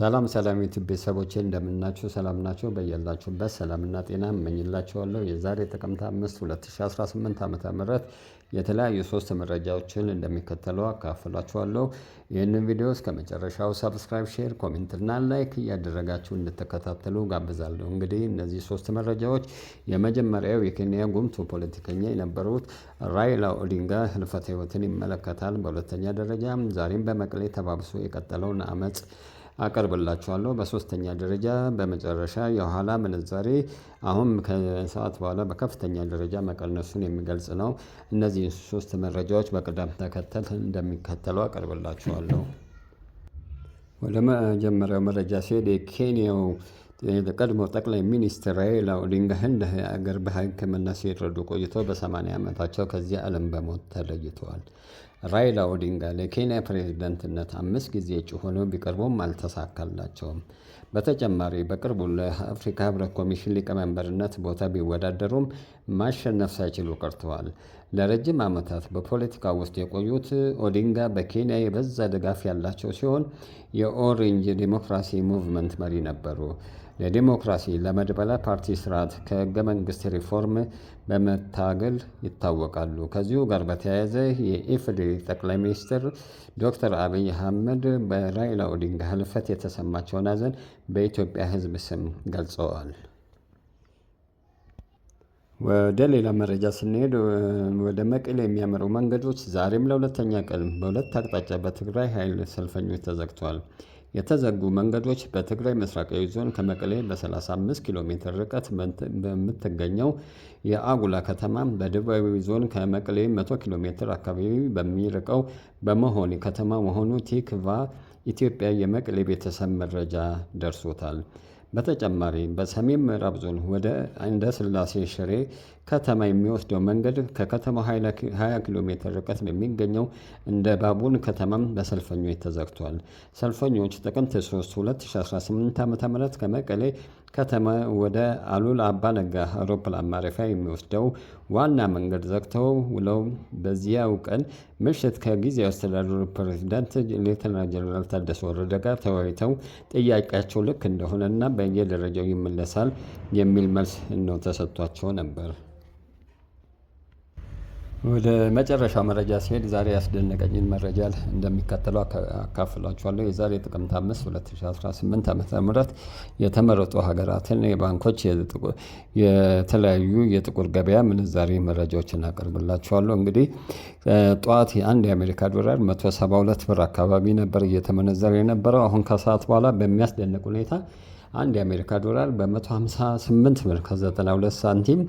ሰላም ሰላም ዩቱብ ቤተሰቦቼ እንደምናችሁ ሰላም ናቸው። በያላችሁበት ሰላምና ጤና እመኝላችኋለሁ። የዛሬ ጥቅምት 5 2018 ዓ ም የተለያዩ ሶስት መረጃዎችን እንደሚከተለው አካፍላችኋለሁ። ይህንን ቪዲዮ እስከ መጨረሻው ሰብስክራይብ፣ ሼር፣ ኮሜንትና ላይክ እያደረጋችሁ እንድትከታተሉ ጋብዛለሁ። እንግዲህ እነዚህ ሶስት መረጃዎች የመጀመሪያው የኬንያ ጉምቱ ፖለቲከኛ የነበሩት ራይላ ኦዲንጋ ህልፈተ ህይወትን ይመለከታል። በሁለተኛ ደረጃ ዛሬም በመቀሌ ተባብሶ የቀጠለውን አመፅ አቀርብላችኋለሁ። በሶስተኛ ደረጃ በመጨረሻ የኋላ ምንዛሬ አሁን ከሰዓት በኋላ በከፍተኛ ደረጃ መቀነሱን የሚገልጽ ነው። እነዚህን ሶስት መረጃዎች በቅደም ተከተል እንደሚከተለው አቀርብላችኋለሁ። ወደ መጀመሪያው መረጃ ሲሄድ የኬንያው የቀድሞ ጠቅላይ ሚኒስትር ራይላ ኦዲንጋ ህንድ ሀገር በሕክምና ሲረዱ ቆይተው በሰማንያ ዓመታቸው ከዚህ ዓለም በሞት ተለይተዋል። ራይላ ኦዲንጋ ለኬንያ ፕሬዝደንትነት አምስት ጊዜ እጩ ሆነው ቢቀርቡም አልተሳካላቸውም። በተጨማሪ በቅርቡ ለአፍሪካ ህብረት ኮሚሽን ሊቀመንበርነት ቦታ ቢወዳደሩም ማሸነፍ ሳይችሉ ቀርተዋል። ለረጅም ዓመታት በፖለቲካ ውስጥ የቆዩት ኦዲንጋ በኬንያ የበዛ ድጋፍ ያላቸው ሲሆን የኦሬንጅ ዴሞክራሲ ሙቭመንት መሪ ነበሩ። ለዲሞክራሲ ለመድበለ ፓርቲ ስርዓት ከህገ መንግስት ሪፎርም በመታገል ይታወቃሉ። ከዚሁ ጋር በተያያዘ የኢፌዴሪ ጠቅላይ ሚኒስትር ዶክተር አብይ አህመድ በራይላ ኦዲንጋ ህልፈት የተሰማቸውን ሐዘን በኢትዮጵያ ህዝብ ስም ገልጸዋል። ወደ ሌላ መረጃ ስንሄድ ወደ መቀሌ የሚያመሩ መንገዶች ዛሬም ለሁለተኛ ቀን በሁለት አቅጣጫ በትግራይ ኃይል ሰልፈኞች ተዘግተዋል። የተዘጉ መንገዶች በትግራይ ምስራቃዊ ዞን ከመቀሌ በ35 ኪሎ ሜትር ርቀት በምትገኘው የአጉላ ከተማ በደቡባዊ ዞን ከመቀሌ 100 ኪሎ ሜትር አካባቢ በሚርቀው በመሆኒ ከተማ መሆኑ ቲክቫ ኢትዮጵያ የመቀሌ ቤተሰብ መረጃ ደርሶታል። በተጨማሪ በሰሜን ምዕራብ ዞን ወደ እንደ ስላሴ ሽሬ ከተማ የሚወስደው መንገድ ከከተማው 20 ኪሎ ሜትር ርቀት በሚገኘው እንደ ባቡን ከተማም በሰልፈኞች ተዘግቷል። ሰልፈኞች ጥቅምት 3 2018 ዓ ም ከመቀሌ ከተማ ወደ አሉላ አባ ነጋ አውሮፕላን ማረፊያ የሚወስደው ዋና መንገድ ዘግተው ውለው በዚያው ቀን ምሽት ከጊዜ አስተዳደሩ ፕሬዚዳንት ሌተና ጀነራል ታደሰ ወረደ ጋር ተወያይተው ጥያቄያቸው ልክ እንደሆነና በየደረጃው ይመለሳል የሚል መልስ ነው ተሰጥቷቸው ነበር። ወደ መጨረሻ መረጃ ሲሄድ ዛሬ ያስደነቀኝን መረጃ እንደሚከተለው አካፍላችኋለሁ። የዛሬ ጥቅምት አምስት 2018 ዓ ም የተመረጡ ሀገራትን የባንኮች የተለያዩ የጥቁር ገበያ ምንዛሬ መረጃዎችን አቀርብላችኋለሁ። እንግዲህ ጠዋት አንድ የአሜሪካ ዶላር 172 ብር አካባቢ ነበር እየተመነዘረ የነበረው። አሁን ከሰዓት በኋላ በሚያስደንቅ ሁኔታ አንድ የአሜሪካ ዶላር በ158 ብር ከ92 ሳንቲም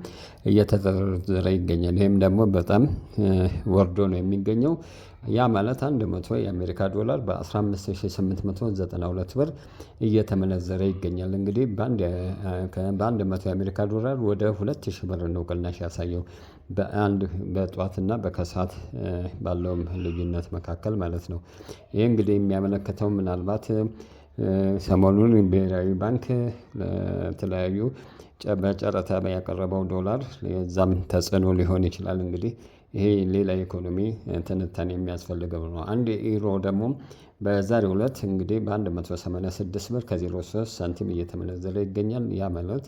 እየተዘረዘረ ይገኛል። ይህም ደግሞ በጣም ወርዶ ነው የሚገኘው። ያ ማለት 100 የአሜሪካ ዶላር በ15892 ብር እየተመነዘረ ይገኛል። እንግዲህ በአንድ መቶ የአሜሪካ ዶላር ወደ 2000 ብር ነው ቅናሽ ያሳየው በአንድ በጠዋትና በከሰዓት ባለውም ልዩነት መካከል ማለት ነው። ይህ እንግዲህ የሚያመለክተው ምናልባት ሰሞኑን ብሔራዊ ባንክ ለተለያዩ በጨረታ ያቀረበው ዶላር የዛም ተጽዕኖ ሊሆን ይችላል። እንግዲህ ይሄ ሌላ ኢኮኖሚ ትንታኔ የሚያስፈልገው ነው። አንድ ኢሮ ደግሞ በዛሬው ዕለት እንግዲህ በ186 ብር ከ03 ሳንቲም እየተመነዘረ ይገኛል። ያ ማለት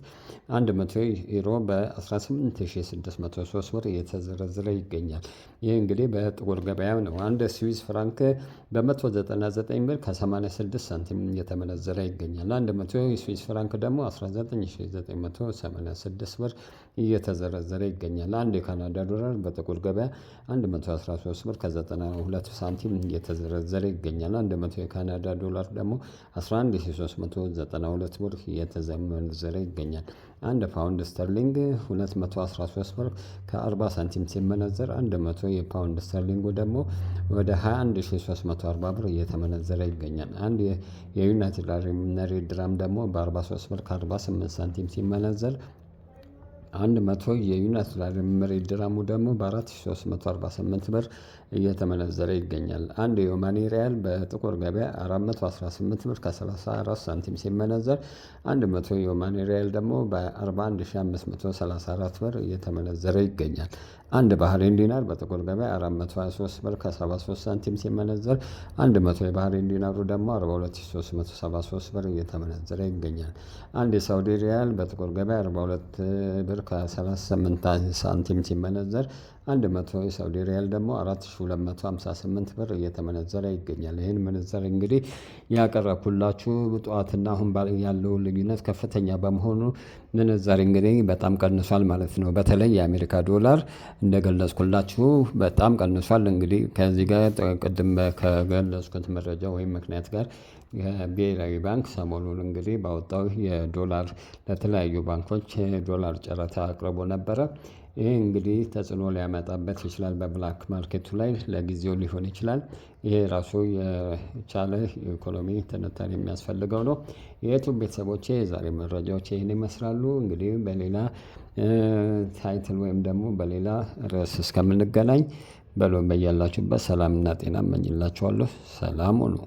100 ዩሮ በ18603 ብር እየተዘረዘረ ይገኛል። ይህ እንግዲህ በጥቁር ገበያ ነው። አንድ ስዊስ ፍራንክ በ199 ብር ከ86 ሳንቲም እየተመነዘረ ይገኛል። 100 ስዊስ ፍራንክ ደግሞ 19986 ብር እየተዘረዘረ ይገኛል። አንድ የካናዳ ዶላር በጥቁር ገበያ 113 ብር ከ92 ሳንቲም እየተዘረዘረ ይገኛል። 100 የካናዳ ዶላር ደግሞ 11392 ብር እየተዘመዘረ ይገኛል። አንድ ፓውንድ ስተርሊንግ 213 ብር ከ40 ሳንቲም ሲመነዘር 100 የፓውንድ ስተርሊንጉ ደግሞ ወደ 21340 ብር እየተመነዘረ ይገኛል። አንድ የዩናይትድ አረብ ኤምሬት ድራም ደግሞ በ43 ብር ከ48 ሳንቲም ሲመነዘር አንድ መቶ የዩናይትድ አረብ ኤምሬት ድራሙ ደግሞ በ4348 ብር እየተመነዘረ ይገኛል። አንድ የኦማኒ ሪያል በጥቁር ገበያ 418 ብር ከ34 ሳንቲም ሲመነዘር 100 የኦማኒ ሪያል ደግሞ በ41534 ብር እየተመነዘረ ይገኛል። አንድ ባህሬን ዲናር በጥቁር ገበያ 423 ብር ከ73 ሳንቲም ሲመነዘር 100 የባህሬን ዲናሩ ደግሞ 42373 ብር እየተመነዘረ ይገኛል። አንድ የሳውዲ ሪያል በጥቁር ገበያ 42 ብር ከ38 ሳንቲም ሲመነዘር አንድ መቶ የሳውዲ ሪያል ደግሞ 4258 ብር እየተመነዘረ ይገኛል። ይህን ምንዘር እንግዲህ ያቀረብኩላችሁ ጠዋትና አሁን ያለው ልዩነት ከፍተኛ በመሆኑ ምንዛሬ እንግዲህ በጣም ቀንሷል ማለት ነው። በተለይ የአሜሪካ ዶላር እንደገለጽኩላችሁ በጣም ቀንሷል። እንግዲህ ከዚህ ጋር ቅድም ከገለጽኩት መረጃ ወይም ምክንያት ጋር ብሔራዊ ባንክ ሰሞኑን እንግዲህ ባወጣው የዶላር ለተለያዩ ባንኮች ዶላር ጨረታ አቅርቦ ነበረ። ይሄ እንግዲህ ተጽዕኖ ሊያመጣበት ይችላል። በብላክ ማርኬቱ ላይ ለጊዜው ሊሆን ይችላል። ይሄ ራሱ የቻለ ኢኮኖሚ ትንታኔ የሚያስፈልገው ነው። የቱ ቤተሰቦቼ የዛሬ መረጃዎች ይህን ይመስላሉ። እንግዲህ በሌላ ታይትል ወይም ደግሞ በሌላ ርዕስ እስከምንገናኝ በሎ በያላችሁበት ሰላምና ጤና እመኝላችኋለሁ። ሰላም ሁኑ።